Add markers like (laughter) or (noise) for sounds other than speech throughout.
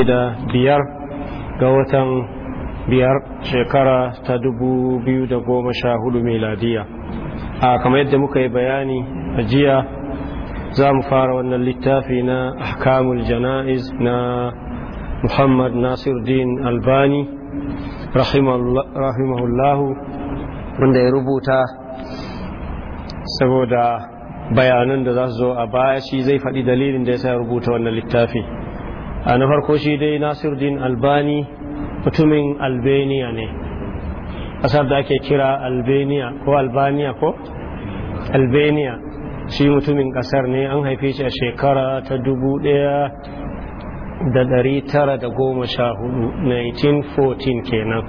da biyar ga watan biyar shekara ta dubu biyu da goma sha hudu meladiya a kamar yadda muka yi bayani a jiya za mu fara wannan littafi na ahkamul jana'iz na muhammad nasiruddin albani rahimahullahu wanda ya rubuta saboda bayanan da za su zo a baya shi zai faɗi dalilin da ya sa rubuta wannan littafi a na farko shi dai nasiruddin albani mutumin albania ne ƙasar da ake kira albania ko albania ko albania shi mutumin ƙasar ne an haife shi a shekara ta dubu ɗaya da dari tara da goma sha hudu 1914 kenan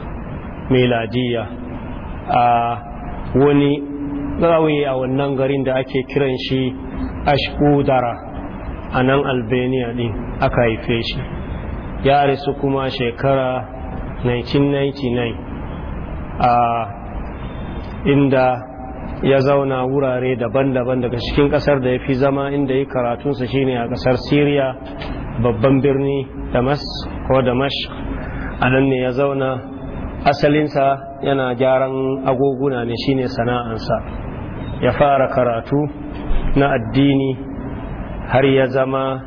miladiya a wani ƙauye a wannan garin da ake kiran shi ashkudara a nan albania din aka haife shi ya rasu kuma shekara 1999 a inda ya zauna wurare daban-daban daga cikin kasar da ya fi zama inda ya karatunsa shine a kasar syria babban birni damas ko damash a nan ne ya zauna asalinsa yana gyaran agoguna ne shine sana'ansa ya fara karatu na addini har ya zama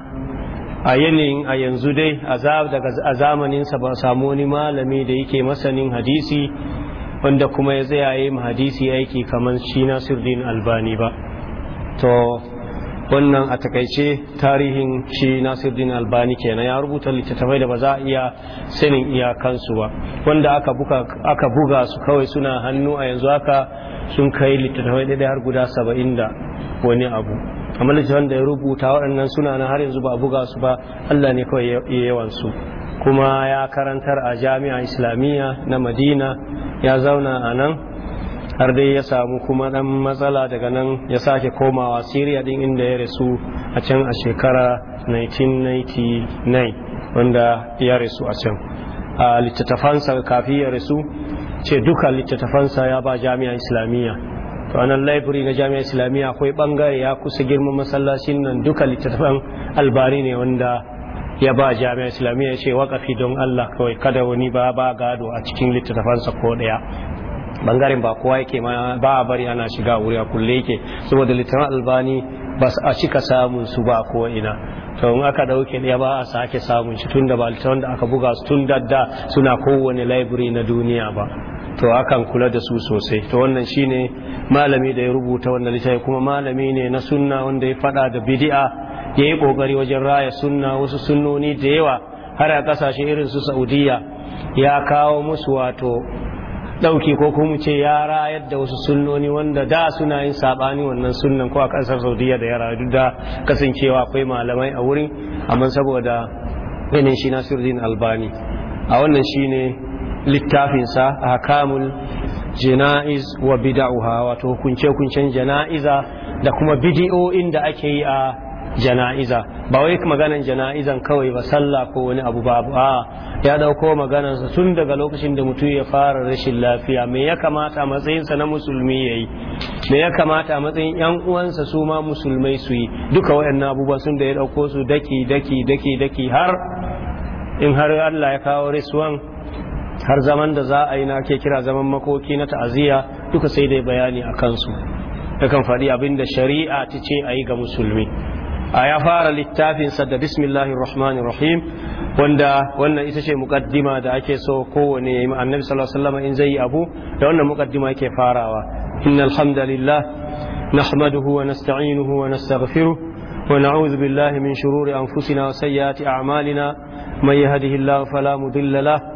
a yanayin a yanzu dai a zamaninsa ba samu wani malami da yake masanin hadisi wanda kuma ya yayi ma hadisi aiki kamar shi nasiruddin albani ba to wannan a takaice tarihin shi nasiruddin albani kenan ya rubuta littattafai da ba za a iya sanin iyakansu ba wanda aka buga su kawai suna hannu a yanzu haka sun kai littattafai daidai har guda saba'in da wani abu amma littafin da ya rubuta waɗannan suna na har yanzu ba a buga su ba Allah ne kawai ya yawan su kuma ya karantar a jami'a islamiyya na madina ya zauna a nan har dai ya samu kuma ɗan matsala daga nan ya sake komawa siriya ɗin inda ya rasu a can a shekara 1999 wanda ya rasu a can a littattafansa kafi ya rasu ce duka littattafansa ya ba jami'a islamiyya to anan library na jami'a islamiyya akwai bangare ya kusa girman masallacin nan duka littattafan albari ne wanda ya ba jami'a islamiyya ya ce wakafi don Allah kawai kada wani ba ba gado a cikin littattafansa ko daya bangaren ba kowa yake ma ba a bari ana shiga wuri a kulle yake saboda littattafan albani ba a cika samun su ba ko ina to in aka dauke ya ba a sake samun shi tunda ba littafin da aka buga su tun dadda suna kowane library na duniya ba to akan kula da su sosai to wannan shine malami da ya rubuta wannan littafi kuma malami ne na sunna wanda ya fada da bid'a ya yi kokari wajen raya sunna wasu sunnoni da yawa har a kasashe irin su saudiya ya kawo musu wato dauki ko kuma ce ya rayar da wasu sunnoni wanda da suna yin sabani wannan sunnan ko a kasar saudiya da ya rayu da kasancewa akwai malamai a wurin amma saboda yanin shi nasiruddin albani a wannan shine littafinsa a hakamul jana'iz wa bida'uha wato hukunce-hukuncen jana'iza da kuma bidi'o'in da ake yi a jana'iza ba wai maganan jana'izan kawai ba sallah ko wani abu ba a ya dauko maganarsa tun daga lokacin da mutum ya fara rashin lafiya me ya kamata matsayinsa na musulmi ya yi me ya kamata matsayin yan uwansa su ma musulmai su yi duka waɗannan abubuwan sun da ya dauko su daki daki daki daki har in har Allah ya kawo riswan har zaman da za a yi na ke kira zaman makoki na ta'aziyya duka sai dai bayani a kansu yakan faɗi abin da shari'a ta ce a yi ga musulmi a ya fara littafinsa da bismillahir rahmanir rahim wanda wannan ita ce mukaddima da ake so kowane ya yi annabi sallallahu alaihi wasallam in zai yi abu da wannan mukaddima yake farawa innal hamdalillah nahmaduhu wa nasta'inuhu wa nastaghfiruh wa na'udhu billahi min shururi anfusina wa sayyiati a'malina man yahdihillahu fala mudilla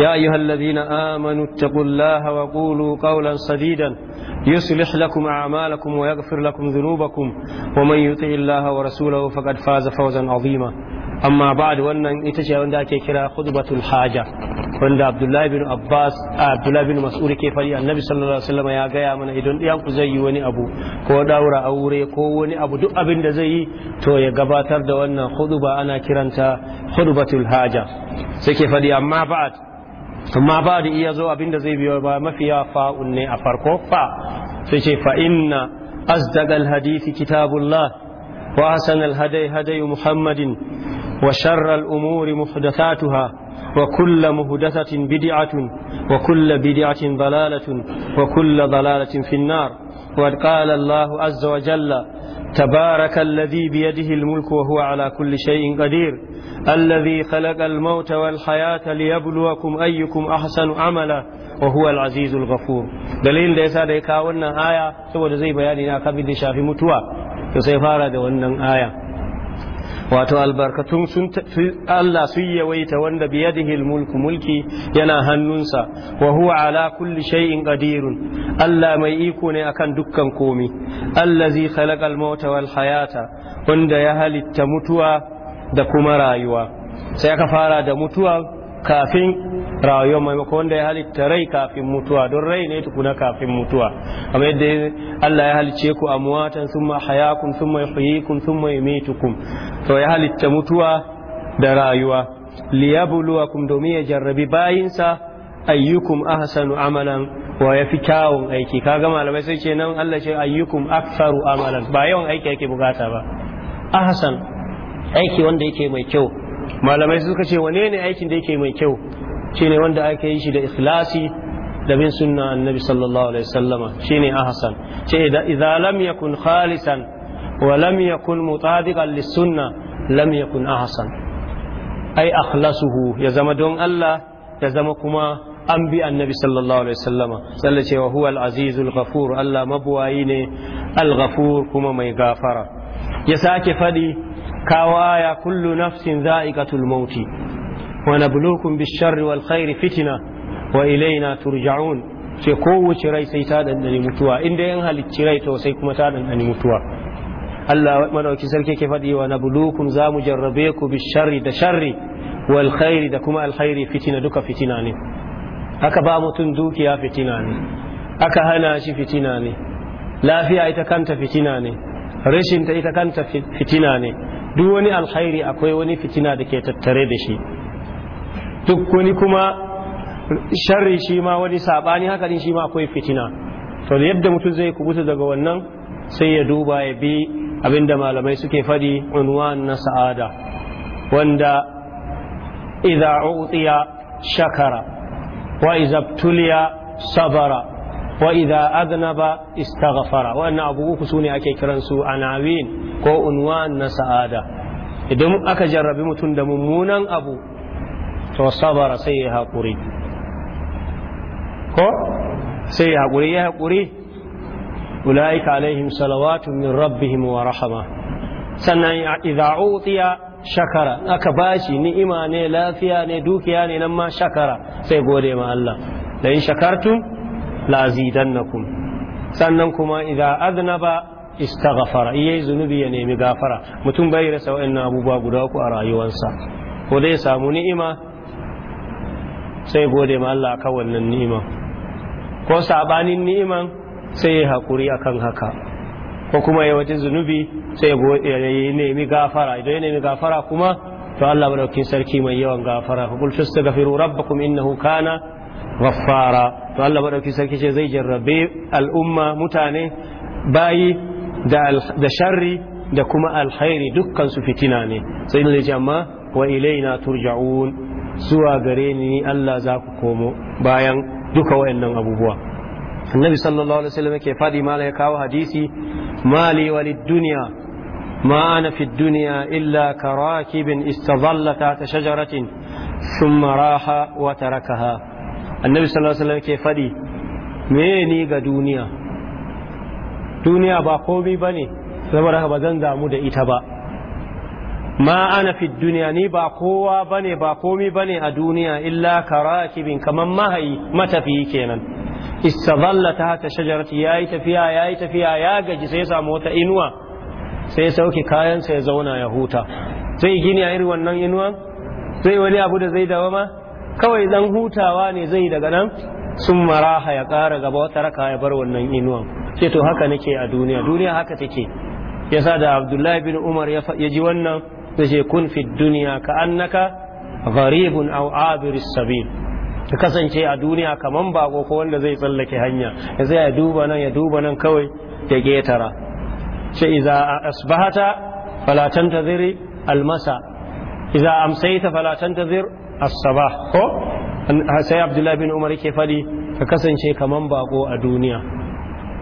يا أيها الذين آمنوا اتقوا الله وقولوا قولا سديدا يصلح لكم أعمالكم ويغفر لكم ذنوبكم ومن يطع الله ورسوله فقد فاز فوزا عظيما أما بعد وأن إتجاه وأن كرا خطبة الحاجة wanda abdullahi bin abbas abdullahi bin mas'ud ke fari annabi sallallahu alaihi wasallam ya gaya mana idan ɗiyan ku zai yi wani abu ko daura aure ko wani abu duk abin da zai yi to ya gabatar da wannan khutba ana kiranta khutbatul haja sai ke fari amma amma ba da iya zo abinda zai biyo ba mafiya fa'un ne a farko fa sai ce fa inna asdagal hadisi kitabullah wa hasanal hadai hadai muhammadin wa sharral umuri muhdathatuha wa kulla muhdathatin bid'atun wa kulla bid'atin dalalatun wa kulla dalalatin finnar وقد قال الله عز وجل تبارك الذي بيده الملك وهو على كل شيء قدير الذي خلق الموت والحياة ليبلوكم أيكم أحسن عملا وهو العزيز الغفور دليل da yasa da ya kawo wannan aya saboda zai bayani na kabin da shafi mutuwa to sai fara da wannan aya wato albarkatun sun Allah sun yawaita wanda biyadihi mulku mulki yana hannunsa wa huwa ala kulli shay'in qadirun Allah mai iko ne akan dukkan komi allazi khalaqal mauta wal hayata wanda ya halitta mutuwa da kuma rayuwa sai aka fara da mutuwa kafin rayuwar maimako wanda ya halitta rai kafin mutuwa don rai ne tukuna kafin mutuwa amma yadda Allah ya halice ku amwatan summa hayakum summa yuhyikum summa yumitukum to ya halitta mutuwa da rayuwa liyabluwakum domin ya jarrabi sa ayyukum ahsanu amalan wa yafi kyawun aiki kaga malamai sai ce nan Allah ce ayyukum aktsaru amalan ba yawan aiki yake bukata ba ahsan aiki wanda yake mai kyau malamai suka ce wane ne aikin da yake mai kyau Shi ne wanda ake yi shi da ikhlasi da bin sunna annabi sallallahu alaihi wasallama shine ahsan ce idza lam yakun khalisan wa lam yakun mutadiqan lis sunna lam yakun ahsan ai akhlasuhu ya zama don Allah ya zama kuma an bi annabi sallallahu alaihi wasallama sallallahu cewa huwa al-azizul ghafur Allah mabwayi ne al-ghafur kuma mai gafara ya sake fadi kawaya kullu nafsin za'iqatul mauti ونبلوكم بالشر والخير فتنة وإلينا ترجعون ce kowace rai sai ta dandani mutuwa inda yan halicci rai to sai kuma ta dandani mutuwa Allah madauki sarki ke faɗi wa nabluukum za mu jarrabe ku bi sharri da sharri wal khairi da kuma alkhairi fitina duka fitina ne aka ba mutum dukiya fitina ne aka hana shi fitina ne lafiya ita kanta fitina ne rashin ta ita kanta fitina ne duk wani alkhairi akwai wani fitina da ke tattare da shi duk wani kuma sharri shi ma wani saɓani haka din shi ma akwai fitina to yadda mutum zai kubuta daga wannan sai ya duba ya bi abinda malamai suke faɗi unwan na sa'ada wanda idza utiya shakara wa idza tuliya sabara wa idza adnaba istaghfara wannan abu uku sune ake kiransu anawin ko unwan na sa'ada idan aka jarrabi mutum da mummunan abu to sabara sai ya hakuri ko sai ya haƙuri ya haƙuri ula'ika alaihim salawatu min rabbihim wa rahama sannan idza utiya shakara aka bashi ni'ima ne lafiya ne dukiya ne nan ma shakara sai gode ma Allah da in shakartum la sannan kuma idza aznaba istaghfara iya zunubi ya nemi gafara mutum bai rasa wa'annan abubuwa guda uku a rayuwarsa ko zai samu ni'ima sai gode ma Allah akan wannan ni'iman ko sabanin ni'iman sai ya hakuri akan haka ko kuma ya wajen zunubi sai ya nemi gafara idan ya nemi gafara kuma to Allah madaukakin sarki mai yawan gafara ku kul fastaghfiru rabbakum innahu kana ghaffara to Allah madaukakin sarki ce zai jarrabe al'umma mutane bayi da sharri da kuma alkhairi dukkan su fitina ne sai ne ce amma wa ilaina turja'un zuwa gare ni Allah za ku komo bayan duka wayannan abubuwa annabi sallallahu alaihi wasallam ke fadi mala ya kawo hadisi mali walid dunya ma ana fi dunya illa karakibin istadalla ta ta shajaratin thumma raha wa tarakaha annabi sallallahu alaihi wasallam ke fadi me ni ga duniya duniya ba komai bane saboda ba zan zamu da ita ba ma ana fi duniya ni ba kowa bane ba komi bane a duniya illa karakibin kaman mahayi matafiyi kenan istadalla ta hata shajarati yayi tafiya yayi tafiya ya gaji sai ya samu wata inuwa sai ya sauke kayansa ya zauna ya huta zai gini a irin wannan inuwan? zai wani abu da zai dawama kawai dan hutawa ne zai daga nan sun maraha ya kara gaba wata raka ya bar wannan inuwan Sai to haka nake a duniya duniya haka take yasa da abdullahi bin umar ya ji wannan yace kun fi duniya ka annaka gharibun aw abiris sabil ka kasance a duniya kaman bako ko wanda zai tsallake hanya ya zai ya duba nan ya duba nan kawai ya getara ce iza asbahata fala tantaziri almasa iza amsayta fala tantazir as-sabah ko sai Abdullahi bin Umar ke fadi ka kasance kaman bako a duniya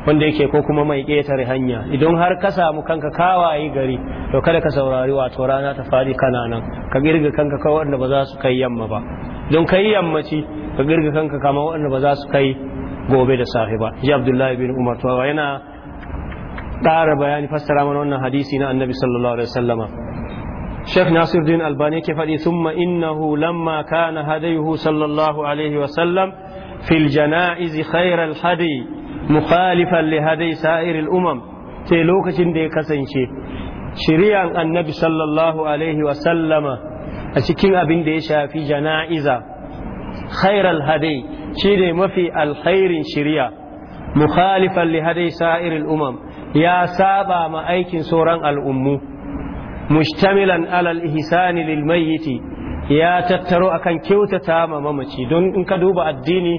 wanda yake ko kuma mai ƙetare hanya idan har ka samu kanka kawaye gari to kada ka saurari wato rana ta fadi kana nan ka girga kanka kawai wanda ba za su kai yamma ba don kai yammaci ka girga kanka kama wanda ba za su kai gobe da safe ba ji abdullahi bin umar to yana ƙara bayani fassara mana wannan hadisi na annabi sallallahu alaihi wasallama Sheikh Nasiruddin Albani ke faɗi summa innahu lamma kana hadayuhu sallallahu alaihi wasallam fil janaizi khairal hadi mukhalifan li hadai sa'iril umam sai lokacin da ya kasance shiriyan annabi sallallahu alaihi wa sallama a cikin abin da ya shafi jana'iza khairal hadai shine mafi alkhairin shiriya mukhalifan li hadai sa'iril umam ya saɓa ma aikin sauran al'ummu Mushtamilan alal ihsani lil mayyiti ya tattaro a kan kyautata ma mamaci don in ka duba addini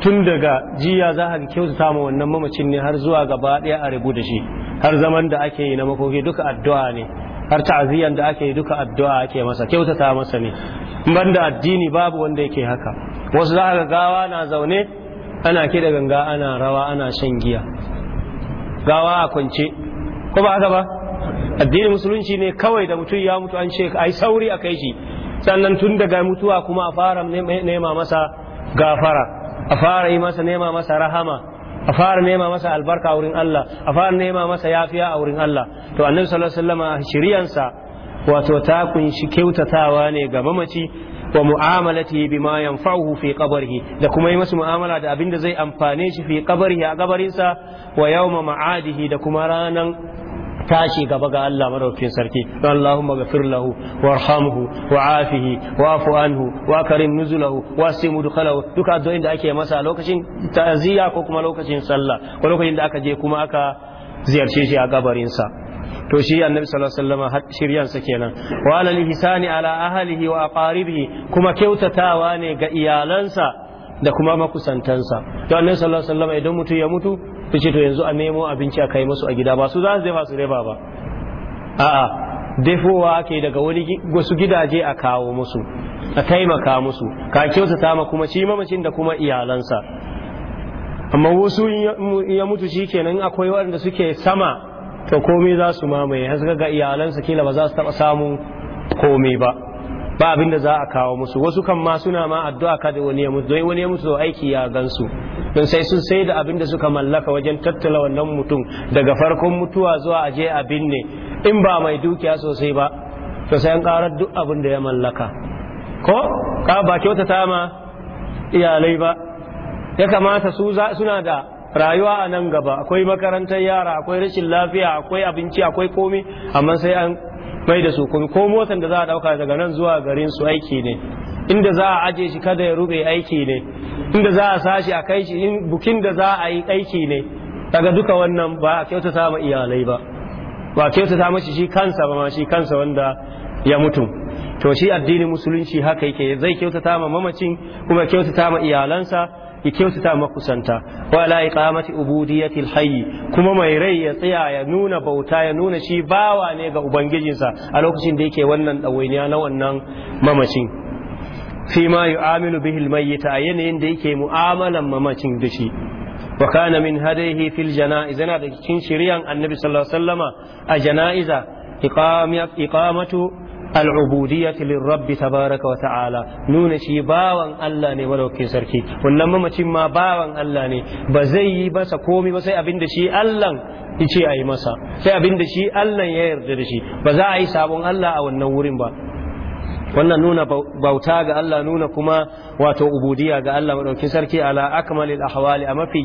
tun daga jiya za a kyautata wa wannan mamacin ne har zuwa gaba ɗaya a rabu da shi har zaman da ake yi na makoki duka addu'a ne har ta'aziyan da ake yi duka addu'a ake masa kyautata masa ne Ban da addini babu wanda yake haka wasu za ga gawa na zaune ana kiɗa ganga ana rawa ana shan giya gawa a kwance ko ba haka ba addinin musulunci ne kawai da mutum ya mutu an ce ai sauri a kai shi sannan tun daga mutuwa kuma a fara nema masa gafara a fara yi masa nema masa rahama a fara nema masa albarka a wurin Allah a fara nema masa yafiya a wurin Allah to annabi sallallahu alaihi wasallam shiriyansa wato ta kunshi kyautatawa ne ga mamaci wa mu'amalati bima yanfa'uhu fi qabrihi da kuma yi masa mu'amala da abin da zai amfane shi fi qabrihi a kabarinsa wa yawma ma'adihi da kuma ranan tashi gaba ga Allah madaukakin sarki Allahumma ghafir lahu warhamhu wa afu anhu wa karim nuzulahu simu dukhalahu duka addu'o'in da ake masa lokacin ta'ziya ko kuma lokacin sallah ko lokacin da aka je kuma aka ziyarce shi a gabarin sa to shi annabi sallallahu alaihi wasallam shiryansa kenan wa alal ihsani ala ahlihi wa aqaribihi kuma kyautatawa ne ga iyalansa da kuma makusantansa to annabi sallallahu alaihi wasallam idan mutu ya mutu su ce to yanzu a nemo abinci a kai musu a gida ba su za su dafa su reba ba a'a defowa ake daga wani wasu gidaje a kawo musu a taimaka musu ka kyautata ma kuma shi mamacin da kuma iyalansa amma wasu ya mutu shi kenan akwai waɗanda suke sama to komai za su mamaye har ga iyalansa kila ba za su taɓa samun komai ba ba abin da za a kawo musu wasu kan ma suna ma addu'a kada wani ya mutu don wani ya mutu aiki ya gansu don sai sun sai da abin da suka mallaka wajen tattala wannan mutum daga farkon mutuwa zuwa aje a binne in ba mai dukiya sosai ba to sai an karar duk abin da ya mallaka ko ka ba kyauta ta ma iyalai ba ya kamata su suna da rayuwa a nan gaba akwai makarantar yara akwai rashin lafiya akwai abinci akwai komi amma sai an mai da su komi ko motan da za a dauka daga nan zuwa garin su aiki ne inda za a aje shi kada ya rube aiki ne inda za a sashi a kai shi in bukin da za a yi aiki ne daga duka wannan ba a kyautata ma iyalai ba ba a kyautata mashi shi kansa ba ma shi kansa wanda ya mutu to shi addinin musulunci haka yake zai kyautata ma mamacin kuma kyautata ma iyalansa ya kyautata makusanta la iqamati ubudiyatil hayy kuma mai rai ya tsaya ya nuna bauta ya nuna shi bawa ne ga ubangijinsa a lokacin da yake wannan dawainiya na wannan mamacin fi ma yu'amilu bihil mayyita a yanayin da yake mu'amalan mamacin da shi wa kana min hadaihi fil jana'iza yana da cikin shiriyan annabi sallallahu alaihi wasallama a janaiza iqamatu al'ubudiyyati rabbi tabaraka wa ta'ala nuna shi bawan Allah ne madaukakin sarki wannan mamacin ma bawan Allah ne ba zai yi masa komai ba sai abinda shi Allah ya ce a yi masa sai abinda shi Allah ya yarda da shi ba za a yi sabon Allah a wannan wurin ba wannan nuna bauta ga Allah nuna kuma wato ubudiya ga Allah madaukin sarki ala akmalil ahwali a mafi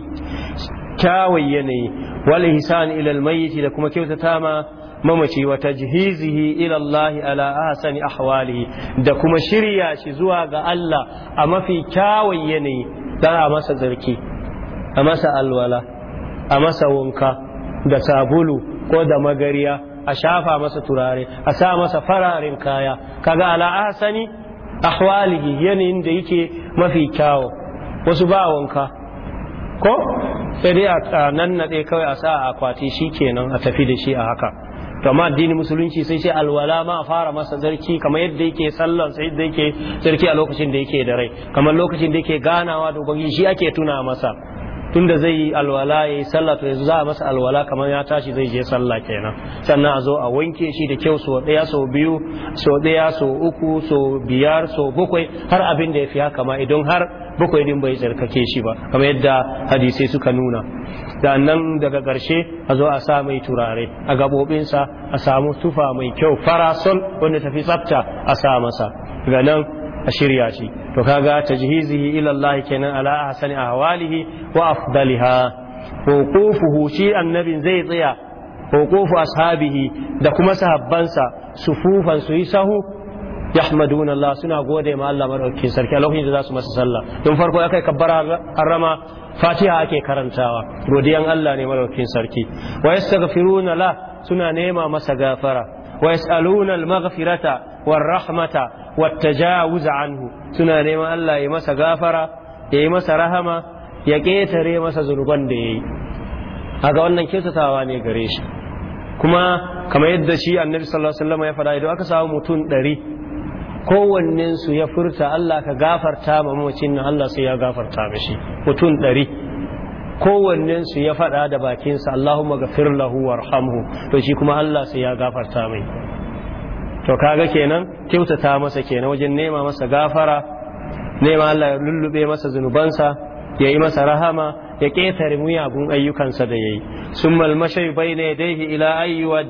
kyawun yanayi wal ihsan ila al mayyit da kuma kyautata ma mamaci wa tajhizihi ila Allah ala ahsani ahwali da kuma shirya shi zuwa ga Allah a mafi kyawun yanayi dan a masa zarki a masa alwala a masa wanka da sabulu ko da magariya a shafa masa turare a sa masa fararen kaya kaga ala asani ahwalihi yanayin da yake mafi kyawo wasu ba wanka ko sai dai a nan naɗe kawai a sa a akwati shi kenan a tafi da shi a haka to amma addinin musulunci sai sai alwala ma a fara masa zarki kamar yadda yake sallan sai yadda yake zarki a lokacin da yake da rai kamar lokacin da yake ganawa da ubangiji shi ake tuna masa tunda zai yi alwala ya yi sallah to yanzu za a masa alwala kamar ya tashi zai je sallah kenan sannan a zo a wanke shi da kyau sau ɗaya sau biyu sau ɗaya sau uku sau biyar sau bakwai har abin da ya fi haka ma idan har bakwai din bai tsarkake shi ba kamar yadda hadisai suka nuna Da nan daga ƙarshe a zo a sa mai turare a gaɓoɓinsa a samu tufa mai kyau farasol wanda tafi tsafta a sa masa daga nan a shirya shi to kaga tajhizihi ila Allah kenan ala ahsani ahwalihi wa afdaliha wuqufuhu shi annabin zai tsaya wuqufu ashabihi da kuma sahabbansa sufufan su yi sahu yahmaduna Allah suna gode ma Allah madaukakin sarki a lokacin da za su masa sallah don farko akai kabbara harrama fatiha ake karantawa godiyan Allah ne madaukakin sarki wa yastaghfiruna la suna nema masa gafara wa yasaluna al-maghfirata warrahmata wuza anhu suna neman Allah ya masa gafara ya yi masa rahama ya ƙetare masa zunuban da ya yi haka wannan kyautatawa ne gare shi kuma kamar yadda shi annabi sallallahu alaihi wasallam ya fada idan aka samu mutum 100 kowannen su ya furta Allah ka gafarta ma mamacin nan Allah sai ya gafarta mishi mutum ɗari kowannen su ya faɗa da bakinsa Allahumma gafir lahu warhamhu to shi kuma Allah sai ya gafarta mai to kaga kenan kyautata masa kenan wajen nema masa gafara nema Allah ya lullube masa zunubansa ya yi masa rahama ya ƙetare muyagun ayyukansa da ya yi sun malmashai bai na yadaihi ila ayyuwa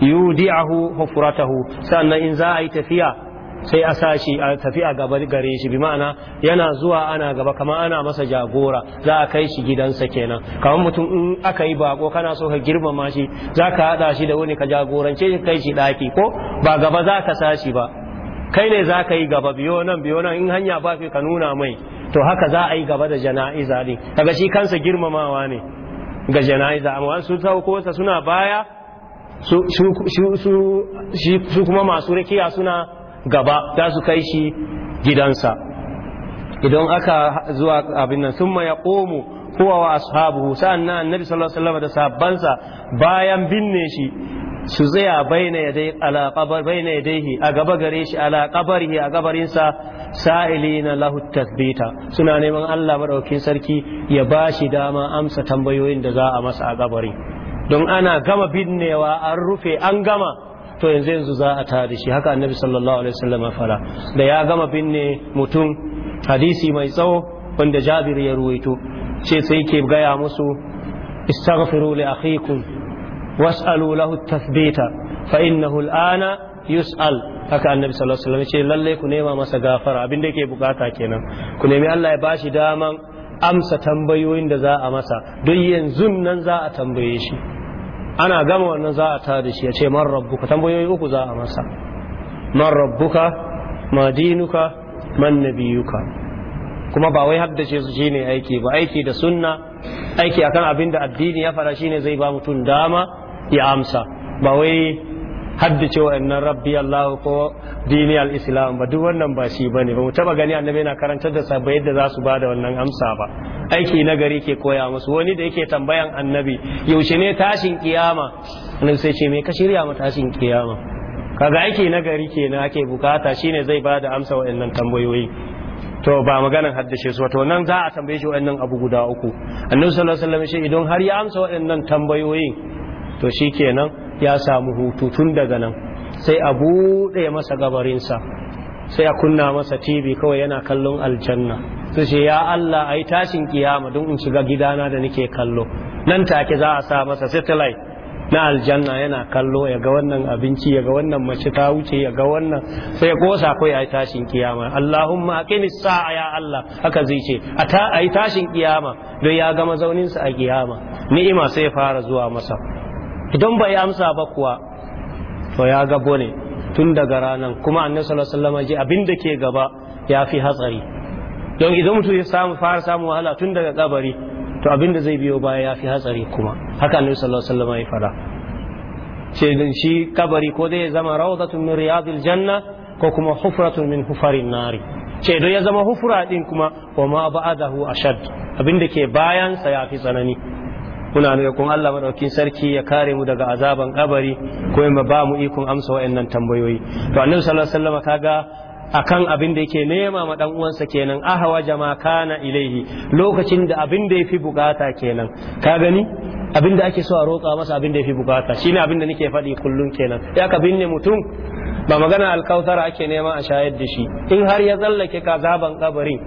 yudi'ahu hufuratahu sannan in za a yi tafiya sai a sashi a tafi a gaba gare shi bi ma'ana yana zuwa ana gaba kama ana masa jagora za a kai shi gidansa kenan kamar mutum in aka yi bako kana so ka girmama shi za ka haɗa shi da wani ka jagorance shi kai shi ɗaki ko ba gaba za ka sashi ba kai ne za ka yi gaba biyo nan biyo nan in hanya ba ka nuna mai to haka za a yi gaba da jana'iza ne daga shi kansa girmamawa ne ga jana'iza amma su sauko suna baya su kuma masu rakiya suna gaba za su kai shi gidansa idan aka zuwa abin nan sun maya komo kowa wa ashabu sa'an na annabi sallallahu alaihi da sabbansa bayan binne shi su tsaya baina ya daihi a gaba gare shi ala qabarihi a gabarinsa na lahu suna neman Allah maɗaukin sarki ya ba shi dama amsa tambayoyin da za a masa a gabarin don ana gama binnewa an rufe an gama to yanzu yanzu za a tare shi haka annabi sallallahu alaihi wasallam ya fara da ya gama binne mutum hadisi mai tsawo wanda Jabir ya ruwaito ce sai ke gaya musu istaghfiru li akhikum was'alu lahu tathbita fa innahu al'ana yus'al haka annabi sallallahu alaihi wasallam ce lalle ku nema masa gafara abin da yake bukata kenan ku nemi Allah ya bashi daman amsa tambayoyin da za a masa duk yanzu nan za a tambaye shi ana gama wannan za a tada shi ya ce man rabbuka tambayoyi uku za a masa man rabbuka ma dinuka man nabiyuka kuma ba wai haddace su shine aiki ba aiki da sunna aiki akan abin da addini ya fara shine zai ba mutum dama ya amsa ba wai haddace wa'annan rabbi Allah ko dini al-islam ba duk wannan ba shi bane ba mu taba gani annabi yana karantar da sabai yadda za su bada wannan amsa ba aiki na gari ke koya musu wani da yake tambayan annabi yaushe ne tashin kiyama annabi sai ce me ka shirya ma tashin kiyama kaga aiki na gari kenan ake bukata shine zai bada amsa wa'annan tambayoyi to ba maganan haddace su wato nan za a tambaye shi wa'annan abu guda uku annabi sallallahu alaihi wasallam shi idan har ya amsa wa'annan tambayoyin to shikenan ya samu hutu tun daga nan sai a buɗe masa gabarinsa sai a kunna masa tv kawai yana kallon aljanna su ce ya Allah a yi tashin kiyama don in shiga gidana da nake kallo nan take za a sa masa satellite na aljanna yana kallo ya ga wannan abinci ya ga wannan mace ta wuce ya ga wannan sai gosa kai a tashin kiyama Allahumma aqimis sa'a ya Allah haka zai ce a ta a tashin kiyama don ya ga mazaunin sa a kiyama ni'ima sai fara zuwa masa idan bai amsa ba kuwa to ya gabo ne tun daga ranar kuma annabi sallallahu alaihi wasallam ji abin ke gaba ya fi hatsari don idan mutum ya samu fara samu wahala tun daga kabari to abin zai biyo baya ya fi hatsari kuma haka annabi sallallahu alaihi wasallam ya fara ce shi kabari ko dai ya zama rawdatun min riyadil janna ko kuma hufratun min hufarin nari ce don ya zama hufura din kuma wa ma ba'adahu ashad abin da ke bayan sa ya fi tsanani muna ne kun Allah madaukin sarki ya kare mu daga azaban kabari ko ya ba mu ikon amsa wayannan tambayoyi to annabi sallallahu alaihi wasallam kaga akan abin da yake nema ma dan uwansa kenan ahwa jama kana ilaihi lokacin da abin da yafi bukata kenan ka gani abin da ake so a roƙa masa abin da yafi bukata shine abin da nake faɗi kullun kenan ya ka binne mutum ba magana alkausar ake nema a shayar da shi in har ya zallake ka zaban kabarin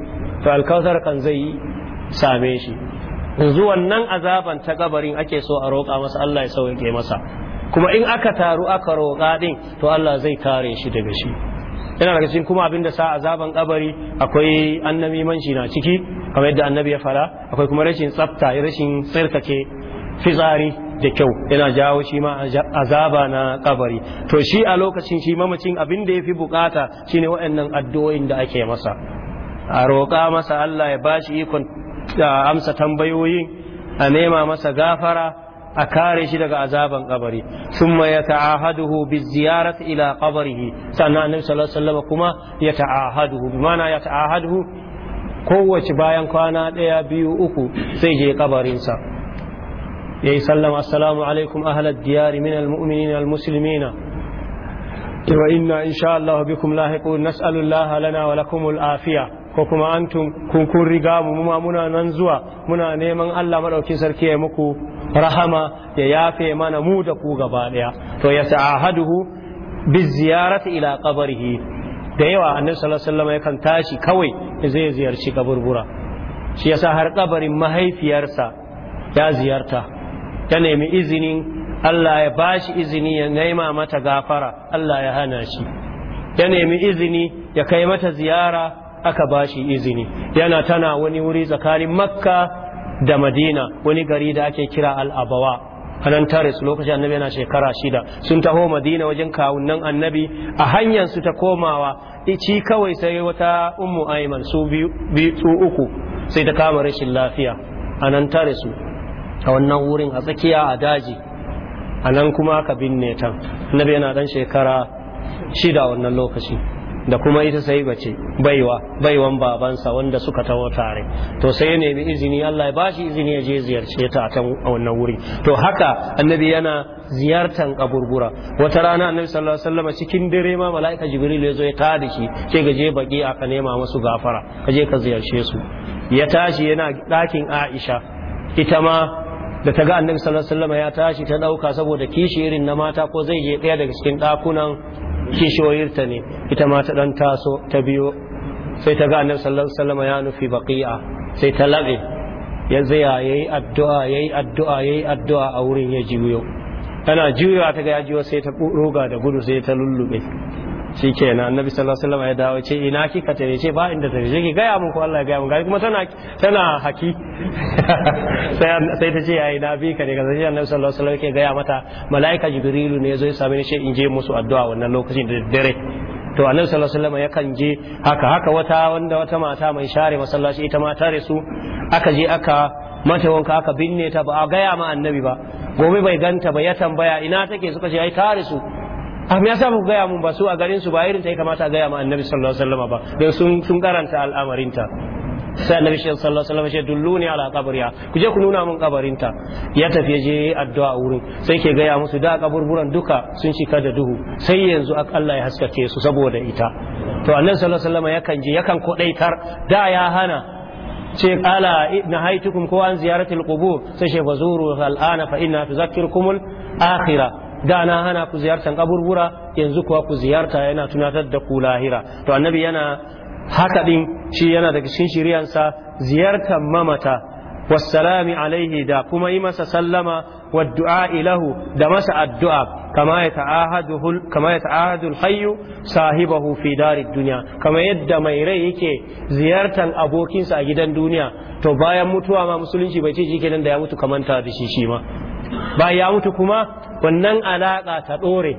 to alkausar kan zai same shi yanzu wannan azaban ta kabarin ake so a roƙa masa Allah ya sauke masa kuma in aka taru aka roƙa din to Allah zai kare shi daga shi yana daga cikin kuma abinda sa azaban kabari akwai annabi shi na ciki kamar yadda annabi ya fara akwai kuma rashin tsafta rashin tsarkake fitsari da kyau yana jawo shi ma azaba na kabari to shi a lokacin shi mamacin abin da ya fi bukata shine waɗannan addu'o'in da ake masa a roƙa masa Allah ya bashi ikon amsa tambayoyi a nema masa gafara a kare shi daga azaban kabari thumma bi biziyarat ila kabarihi sannan annabi sallallahu alaihi wasallam kuma yata'ahaduhu bimana yata'ahaduhu kowace bayan kwana ɗaya biyu uku sai je kabarinsa ya yi sallama assalamu alaikum ahalar diyari min al-muminai al almuslimina wa inna insha Allah bikum lahiqun nas'alullaha lana wa lakumul afiya ko kuma an kun riga mu ma muna nan zuwa muna neman Allah madaukin sarki ya muku rahama ya yafe mana mu da ku gaba daya to ya sa'ahaduhu bi ziyarati ila qabrihi da yawa annabi sallallahu alaihi wasallam yakan tashi kawai zai ziyarci kaburbura shi yasa har kabarin mahaifiyarsa ya ziyarta ya nemi izinin Allah ya bashi izini ya nema mata gafara Allah ya hana shi ya nemi izini ya kai mata ziyara aka ba shi izini yana tana wani wuri tsakanin makka da madina wani gari da ake kira al'abawa a nan taris lokacin annabi yana shekara shida sun taho madina wajen kawun nan annabi a hanyar su ta komawa ci kawai sai wata ummu aiman su biyu uku sai ta kama rashin lafiya a nan su. a wannan wurin a tsakiya a daji a nan kuma ka binne ta annabi yana dan shekara shida wannan lokaci da kuma ita sai bace baiwa baiwan babansa wanda suka taho tare to sai ya nemi izini Allah ya bashi izini ya je ziyarce ta a wannan wuri to haka annabi yana ziyartan kaburbura wata rana annabi sallallahu alaihi wasallam cikin dare ma mala'ika jibril ya zo ya tada shi ke ga je baki aka nema masu gafara ka je ka ziyarce su ya tashi yana ɗakin Aisha ita ma da ta ga annabi sallallahu alaihi wasallam ya tashi ta ɗauka saboda kishi irin na mata ko zai je ɗaya daga cikin ɗakunan kishoyirta ne ita ma ta dan taso ta biyo sai ta ga annab sallallahu alaihi wasallam ya nufi baqi'a sai ta labe ya zaya yayi addu'a yayi addu'a yayi addu'a a wurin ya jiyo tana juyowa ta ga ya jiyo sai ta roga da gudu sai ta lullube shi kenan annabi sallallahu alaihi wasallam ya dawo ce ina kika tare ce ba inda tare ki gaya mun ko Allah ya gaya mun gari kuma tana tana haki (laughs) sai ta ce yayi na bi ka ne kaza annabi sallallahu alaihi wasallam yake gaya mata malaika jibrilu ne yazo ya same ni ce in je musu addu'a wannan lokacin da dare to annabi sallallahu alaihi wasallam yakan je haka haka wata wanda wata mata mai share masallaci ita ma tare su aka je aka mata wanka aka binne ta ba a gaya ma annabi ba gobe bai ganta ba ya tambaya ina take suka ce ai tare su a ah, me yasa ku gaya mun ba su a garin su ba irin ta ya kamata a gaya ma annabi sallallahu alaihi wasallam ba don sun sun karanta al'amarinta sai annabi sallallahu alaihi wasallam ya dulluni ala qabriya ku je ku nuna mun kabarinta ya tafi je addu'a wurin sai ke gaya musu da kaburburan duka sun cika da duhu sai yanzu Allah ya haskake su saboda ita to annabi sallallahu alaihi wasallam yakan je yakan kodaitar da ya hana ce kala ala haitukum ko an ziyaratil qubur sai ce fazuru al'ana fa inna al akhirah da na hana ku ziyartar kaburbura yanzu kuwa ku ziyarta yana tunatar da ku lahira to annabi yana haka din shi yana daga cikin ziyartar mamata wassalami alaihi da kuma yi masa sallama wa du'a ilahu da masa addu'a kama ya ta'ahadu kama ya ta'ahadu hayyu sahibahu fi dari dunya kama yadda mai rai yake ziyartar abokinsa a gidan duniya to bayan mutuwa ma musulunci bai ce shi kenan da ya mutu kamanta da shi shi ma ba ya mutu kuma wannan alaƙa ta ɗore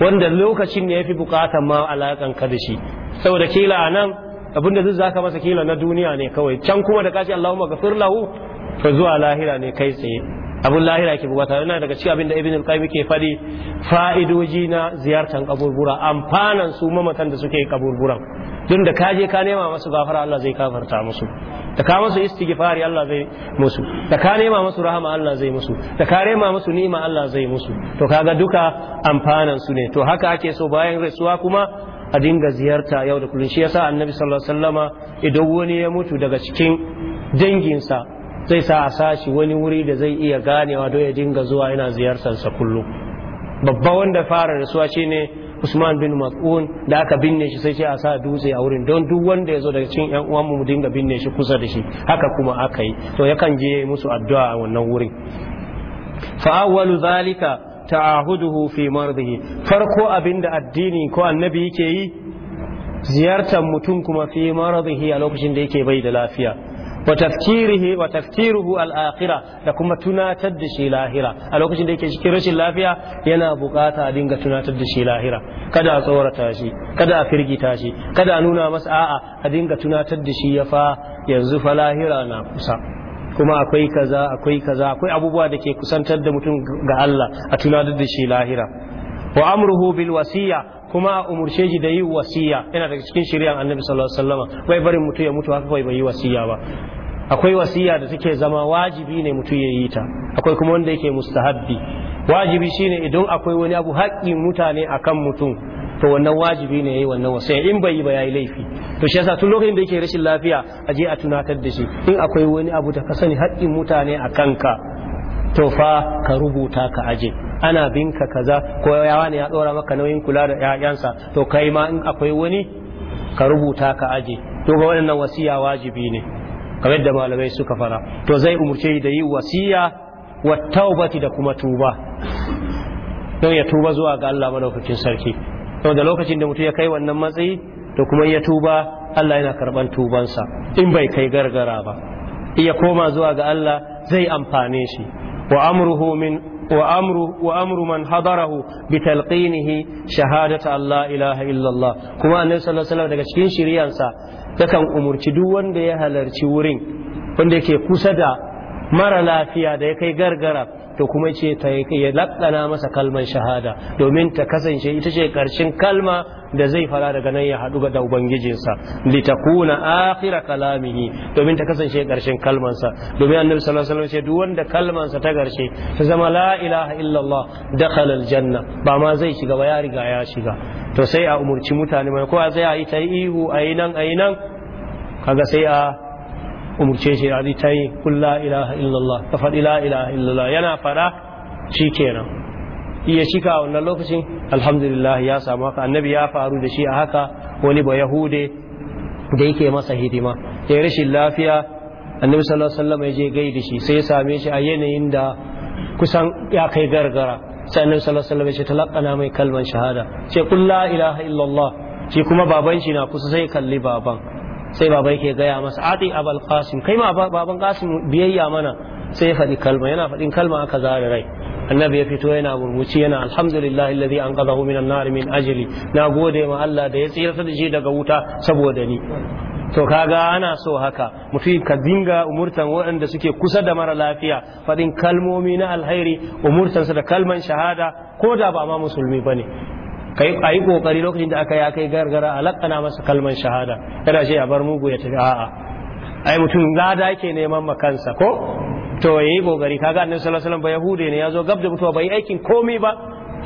wanda lokacin ne ya fi buƙatar ma alaƙan ka da shi saboda kila a nan abinda zai zaka masa kila na duniya ne kawai can kuma da kashi Allahu ghafir lahu to zuwa lahira ne kai tsaye abun lahira ke bukata yana daga cikin abin da ibn al-qayyim ke faɗi fa'idoji na ziyartar kaburbura amfanan su mamatan da suke kaburburan don da ka je ka nema masu gafara Allah zai kafarta musu da ka musu istighfari Allah zai musu da ka nema musu rahama Allah zai musu da ka nema musu ni'ima Allah zai musu to kaga duka amfanan su ne to haka ake so bayan rasuwa kuma a dinga ziyarta yau da kullum shi yasa annabi sallallahu alaihi wasallama idan wani ya mutu daga cikin danginsa zai sa a sashi wani wuri da zai iya ganewa don ya dinga zuwa yana ziyartar sa kullum babba wanda fara rasuwa shine usman bin mas'un da aka binne shi sai ce a sa dutse a wurin don duk wanda ya zo daga cikin yan uwan mu dinga binne shi kusa da shi haka kuma aka yi to yakan je musu addu'a a wannan wurin fa awwalu zalika ta'ahuduhu fi mardihi farko abinda addini ko annabi yake yi ziyartar mutum kuma fi mardihi a lokacin da yake bai da lafiya wa tafkirihi wa al-akhirah da kuma tunatar da shi lahira a lokacin da yake cikin rashin lafiya yana bukata a dinga tunatar da shi lahira kada a tsorata shi kada a firgita shi kada a nuna masa a'a a dinga tunatar da shi ya fa yanzu fa lahira na kusa kuma akwai kaza akwai kaza akwai abubuwa da ke kusantar da mutum ga Allah a tunatar da shi lahira wa amruhu bil wasiya kuma a umurce shi da yi wasiya yana daga cikin shiri'a annabi sallallahu alaihi wasallam bai barin mutum ya mutu haka bai yi wasiya ba akwai wasiya da take zama wajibi ne mutum ya yi ta akwai kuma wanda yake mustahabbi wajibi shine idan akwai wani abu haƙƙin mutane akan mutum to wannan wajibi ne yayi wannan wasiya in bai yi ba yayi laifi to shi yasa tun lokacin da yake rashin lafiya a je a tunatar da shi in akwai wani abu da ka sani haƙƙin mutane a ka. to fa ka rubuta ka aje ana binka kaza ko yawa ne ya dora maka nauyin kula da ƴaƴansa to kai ma in akwai wani ka rubuta ka aje to ga waɗannan wasiya wajibi ne kamar da malamai suka fara to zai umurce da yi wasiya wa taubati da kuma tuba don ya tuba zuwa ga Allah madaukakin sarki to da lokacin da mutum ya kai wannan matsayi to kuma ya tuba Allah yana karban tubansa in bai kai gargara ba iya koma zuwa ga Allah zai amfane shi وأمره من وأمر وأمر من حضره بتلقينه شهادة أن لا إله إلا الله كما أن صلى الله عليه وسلم daga cikin shiriyansa takan umurci duk wanda ya halarci wurin wanda yake kusa da mara lafiya da ya kai gargara to kuma ce ta ya laɗana masa kalmar shahada domin ta kasance ita ce ƙarshen kalma da zai fara daga nan ya haɗu da ubangijinsa litakuna akhira kalamihi domin ta kasance ƙarshen kalmansa domin annabi sallallahu alaihi wasallam ce duk wanda kalmansa ta ƙarshe ta zama la ilaha illallah dakhala janna. ba ma zai shiga ba ya riga ya shiga to sai a umarci mutane mai kowa zai a yi ta ihu a yi nan a yi nan kaga sai a umurce shi da ta yi kun ilaha illallah ka faɗi la ilaha illallah yana fara shi kenan iya cika a wannan lokacin alhamdulillah ya samu haka annabi ya faru da shi a haka wani ba yahude da yake masa hidima da rashin lafiya annabi sallallahu alaihi wasallam ya je gaida shi sai ya same shi a yanayin da kusan ya kai gargara sai annabi sallallahu alaihi wasallam ya ce mai kalman shahada ce kun ilaha illallah shi kuma baban shi na kusa sai kalli baban sai baba yake gaya masa adi abal qasim kai ma baban qasim biyayya mana sai ya faɗi kalma yana faɗin kalma aka zare rai annabi ya fito yana murmuci yana alhamdulillah alladhi anqadhahu minan nar min ajli na gode ma Allah da ya tsira da shi daga wuta saboda ni to kaga ana so haka mutum ka dinga umurtan waɗanda suke kusa da mara lafiya faɗin kalmomi na alhairi umurtansa da kalman shahada ko da ba ma musulmi bane kai a yi kokari lokacin da aka ya kai gargara a lakana masa kalman shahada kada shi ya bar mugu ya tafi a'a ai mutum lada yake neman makansa ko to yayi kokari kaga annabi sallallahu alaihi wasallam ba yahude ne yazo gab da mutuwa bai aikin komai ba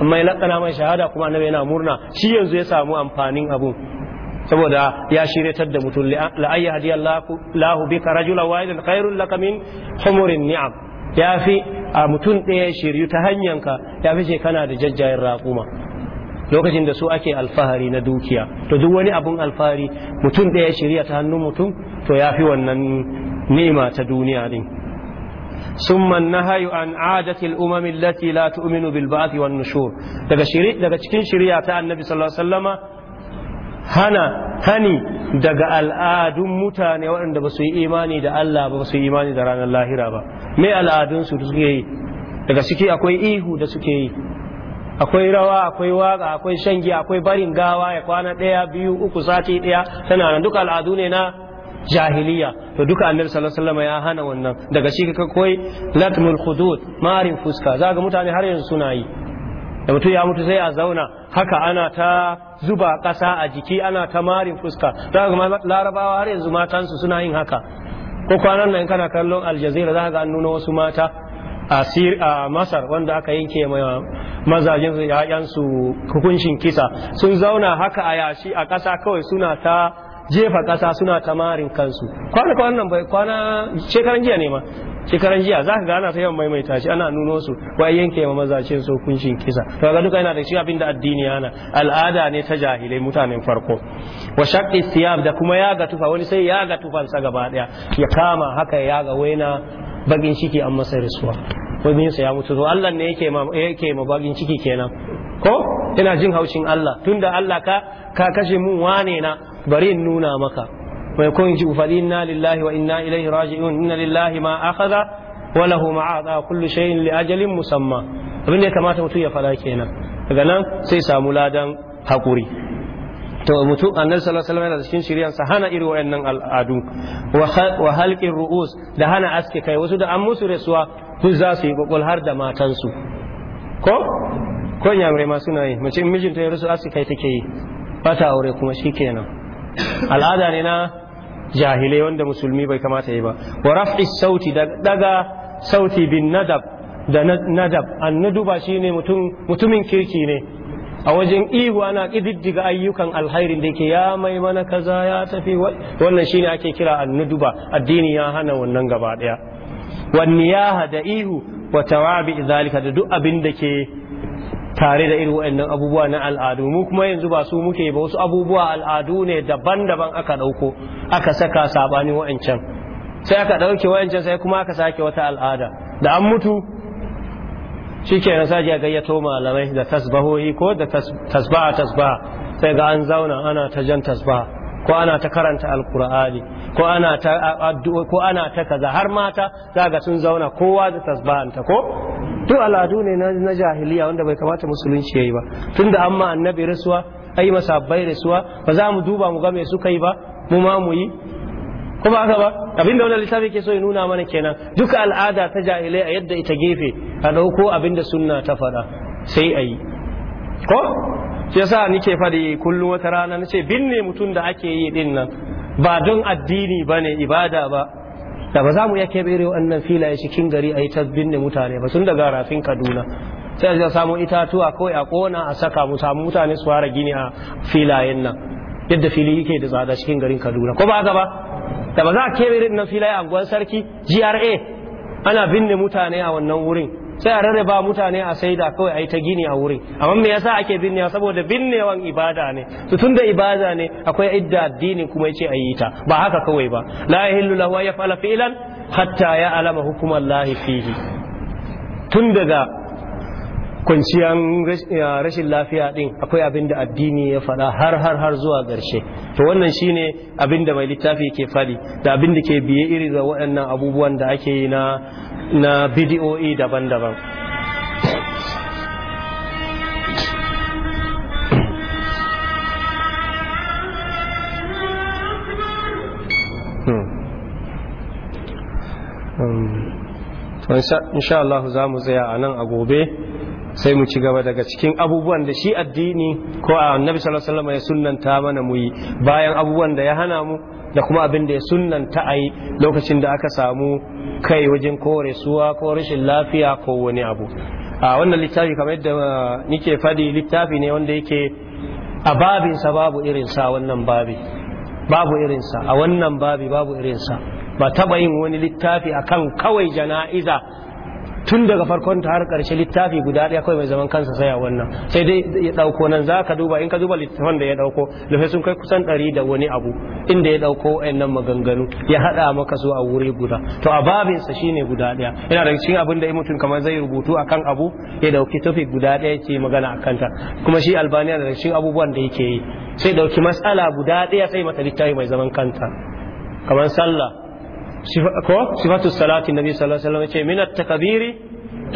amma ya lakana mai shahada kuma annabi yana murna shi yanzu ya samu amfanin abu. saboda ya shiretar da mutum la'ayya hadiya lahu bika rajula wahidan khairul laka min humurin ni'am ya fi a mutum ɗaya shiryu ta hanyanka ya fi kana da jajjayen raƙuma lokacin da su ake alfahari na dukiya to duk wani abun alfahari mutum ɗaya shirya ta hannun mutum to ya fi wannan ni'ima ta duniya din ثم النهي عن عادة الأمم التي لا تؤمن بالبعث والنشور daga shiri daga cikin shiriya ta Annabi sallallahu alaihi wasallama hana hani daga al'adun mutane waɗanda ba su yi imani da Allah ba su yi imani da ranar lahira ba me al'adun su suke yi daga suke akwai ihu da suke yi akwai rawa akwai waka akwai shangi akwai barin gawa ya kwana ɗaya biyu uku sati ɗaya tana nan duka al'adu ne na jahiliya to duka annabi sallallahu alaihi wasallam ya hana wannan daga shi ka koi latmul khudud marin fuska zaga mutane har yanzu suna yi da mutum ya mutu sai a zauna haka ana ta zuba ƙasa a jiki ana ta marin fuska za ga larabawa har yanzu matansu suna yin haka ko kwanan nan kana kallon aljazira za ga an wasu mata a masar wanda aka yanke a yayansu hukuncin kisa sun zauna haka a yashi a ƙasa kawai suna ta jefa ƙasa suna ta marin kansu kwana kwanan bai kwana shekaran jiya ne ma shekaran jiya za ka ga ana ta yawan maimaita shi ana nuno su wai yanke ma mazajin su hukuncin kisa to ga duka yana da shi abin da addini yana al'ada ne ta jahilai mutanen farko wa shaqqi siyab da kuma yaga tufa wani sai yaga tufansa gaba daya ya kama haka yaga waina bagin ciki an masa rasuwa wani ya mutu to Allah ne yake ma yake ma bagin ciki kenan ko ina jin haushin Allah tunda Allah ka ka kashe mun wane na bari in nuna maka mai yakun ji fa inna lillahi wa inna ilaihi raji'un inna lillahi ma akhadha wa lahu ma kullu shay'in li ajalin musamma abin da ya kamata mutum ya fara kenan daga nan sai samu ladan hakuri to mutum annabi sallallahu alaihi wasallam yana cikin shiryan sa hana irin wayannan al'adu wa halqin ru'us da hana aske kai wasu da an musu rasuwa duk za su yi kokol har da matansu ko ko inyamurai mai masu yi mace mijinta ya rasu aske kai take yi ba ta aure kuma shikenan al'ada ne na jahilai wanda musulmi bai kamata yi ba wa raf'i sauti daga sauti bin nadab da nadab an naduba shine mutum mutumin kirki ne a wajen ihu ana ƙididdiga ayyukan alhairin da ke ya mai mana kaza ya tafi wannan shi ne ake kira annuduba addini ya hana wannan gaba Wani ya da ihu wa wabi zalika da duk abin da ke tare da irin waɗannan abubuwa na al'adu mu kuma yanzu ba su muke ba wasu abubuwa al'adu ne daban-daban aka ɗauko aka saka sabani wa'ancan sai aka ɗauke wa'ancan sai kuma aka sake wata al'ada da an mutu shi ke na sa a gayyato malamai da tasbahohi ko da tasbaha tasbaha sai ga an zauna ana ta jan tasbaha ko ana ta karanta alkur'ani ko ana ta ko ana ta kaza har mata za ga sun zauna kowa da tasbahanta ko duk al'adu ne na jahiliya wanda bai kamata musulunci yi ba tunda amma annabi rasuwa ai masabbai rasuwa ba za mu duba mu ga me suka yi ba mu ma mu yi ko ba haka ba abinda wannan littafi ke so ya nuna mana kenan duka al'ada ta jahilai a yadda ita gefe a dauko abinda sunna ta faɗa sai a yi ko shi yasa nike faɗi kullum wata rana na ce binne mutum da ake yi din nan ba don addini ba ne ibada ba da ba za mu iya bere wannan filaye cikin gari a yi ta binne mutane ba sun daga rafin kaduna sai a samu itatuwa kawai a kona a saka mu samu mutane su fara gini a filayen nan yadda fili yake da tsada cikin garin kaduna ko ba haka ba da ba za a kewaye irin nan filaye a gwan sarki GRA ana binne mutane a wannan wurin sai a rarraba mutane a saida kawai a yi ta gini a wurin amma me yasa ake binnewa saboda binne binnewan ibada ne su tun da ibada ne akwai idda addini kuma ce a yi ta ba haka kawai ba la yahillu lahu ya fa'ala fi'lan hatta ya alama hukumallahi fihi tun daga kwanciyar rashin lafiya din akwai abin da addini ya faɗa har har har zuwa ƙarshe to wannan shine abin da mai littafi ke faɗi da abin da ke biye iri ga waɗannan abubuwan da ake yi na na bidiyoyi daban-daban hmm. Hmm. insha Allah za mu tsaya a nan a gobe sai mu ci gaba daga cikin abubuwan da shi addini ko a annabi sallallahu alaihi ya sunnanta mana mu yi bayan abubuwan da ya hana mu da kuma abin da ya sunnanta a yi lokacin da aka samu kai wajen kore suwa ko rashin lafiya ko wani abu a wannan littafi kamar yadda uh, nike faɗi littafi ne wanda yake a babinsa babu irinsa wannan babi babu irinsa a wannan babi babu irinsa ba taba yin wani littafi akan kawai jana'iza tun daga farkon ta har karshe littafi guda ɗaya kawai mai zaman kansa saya wannan sai dai ya dauko nan za ka duba in ka duba littafin da ya ɗauko lafi sun kai kusan ɗari da wani abu inda ya ɗauko nan maganganu ya haɗa maka su a wuri guda to a babinsa shine guda ɗaya yana daga cikin abin da ya mutum kamar zai rubutu akan abu ya ɗauki tafi guda ɗaya ce magana a kanta kuma shi albaniya daga cikin abubuwan da yake yi sai dauki matsala guda daya sai mata littafi mai zaman kanta kamar sallah ko sifatu salati nabi sallallahu alaihi wasallam ce min at-takbiri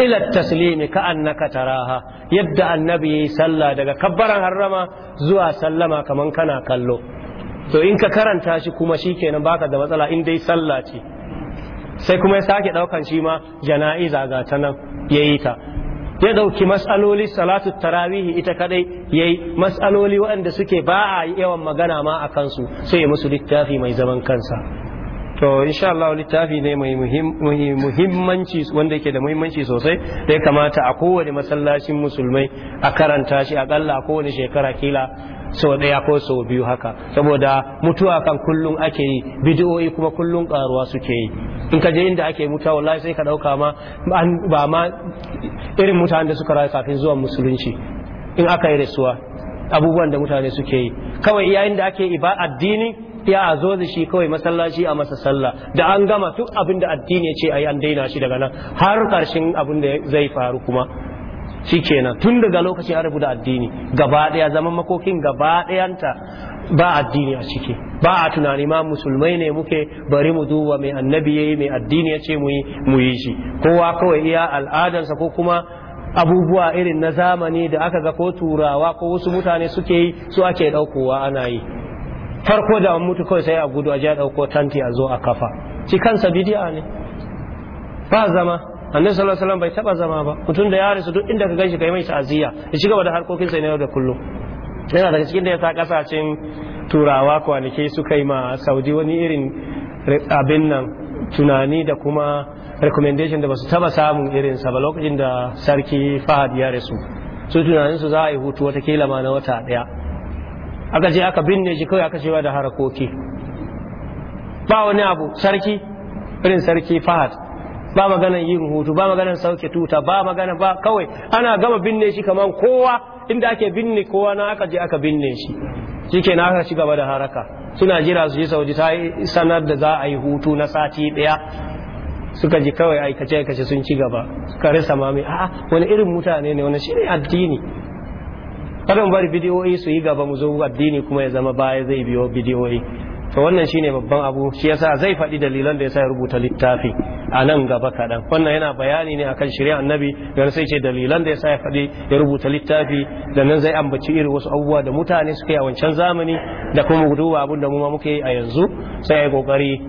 ila at-taslimi ka annaka taraha yadda annabi salla daga kabbaran harrama zuwa sallama kaman kana kallo to in ka karanta shi kuma shikenan baka da matsala in dai salla ce sai kuma ya sake daukan shi ma jana'iza ga ta nan yayi ta ya dauki mas'aloli salatu tarawih ita kadai yayi mas'aloli waɗanda suke ba a yawan magana ma a kansu sai ya musu littafi mai zaman kansa to insha Allah littafi ne mai muhimmanci wanda yake da muhimmanci sosai da ya kamata a kowane masallacin musulmai a karanta shi akalla a kowane shekara kila sau ɗaya ko sau biyu haka saboda mutuwa kan kullum ake yi bidiyoyi kuma kullum karuwa suke yi in ka je inda ake mutuwa wallahi sai ka ɗauka ma ba ma irin mutanen da suka rayu kafin zuwa musulunci in aka yi rasuwa abubuwan da mutane suke yi kawai yayin da ake iba addini ya a zo da shi kawai masallaci a masa sallah da an gama duk abin da addini ya ce ayi an daina shi daga nan har karshen abin da zai faru kuma shi kenan tun daga lokacin an da addini gaba daya zaman makokin gaba dayanta ba addini a ciki ba a tunani ma musulmai ne muke bari mu duba mai annabi yayi mai addini ya ce mu yi shi kowa kawai iya al'adansa ko kuma abubuwa irin na zamani da aka ga ko turawa ko wasu mutane suke yi su ake daukowa ana yi farko da an mutu kawai sai a gudu a ja dauko tanti a zo a kafa shi kansa bidi'a ne ba zama annabi sallallahu alaihi wasallam bai taba zama ba mutum da ya rasu duk inda ka ganshi kai mai ta'aziyya ya ci gaba da harkokin sa ne yau da kullum yana daga cikin da ya sa kasashen turawa kwanaki suka yi ma saudi wani irin abin nan tunani da kuma recommendation da basu taba samun irin sa ba lokacin da sarki fahad ya rasu su tunanin su za a yi hutu watakila ma na wata daya aka je aka binne shi kawai aka cewa da harakoki ba wani abu sarki irin sarki fahad ba maganan yin hutu ba maganan sauke tuta ba magana ba kawai ana gama binne shi kamar kowa inda ake binne kowa na aka je aka binne shi shike na aka ci gaba da haraka suna jira su je sauji ta sanar da za a yi hutu na sati daya suka ji kawai aikace aikace sun ci gaba suka rasa mami a'a wani irin mutane ne wani ne addini mu bari bidiyoyi su yi gaba mu zo addini kuma ya zama baya zai biyo bidiyoyi to wannan shine babban abu shi yasa zai faɗi dalilan da yasa ya rubuta littafi a nan gaba kaɗan wannan yana bayani ne akan shari'a annabi dan sai ce dalilan da yasa ya faɗi ya rubuta littafi da nan zai ambaci irin wasu abubuwa da mutane suka a wancan zamani da kuma duba abin da mu ma muke a yanzu sai ya kokari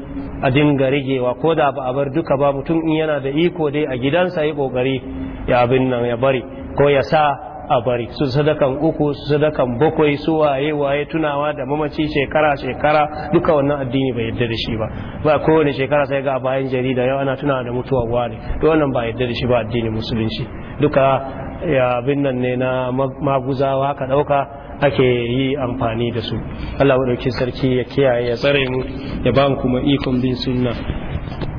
a dinga rigewa ko da ba a bar duka ba mutum in yana da iko dai a gidansa ya kokari ya abin nan ya bari ko ya sa a bari su sadakan uku su sadakan bakwai su waye waye tunawa da mamaci shekara shekara duka wannan addini bai yarda da shi ba ba kowane shekara sai ga bayan jarida yau ana tunawa da mutuwa wani to wannan ba yarda da shi ba addinin musulunci duka ya eh, bin nan ne na maguzawa ka dauka ake yi amfani da su Allah wadauki sarki ya kiyaye ya tsare mu ya ba mu kuma ikon bin sunna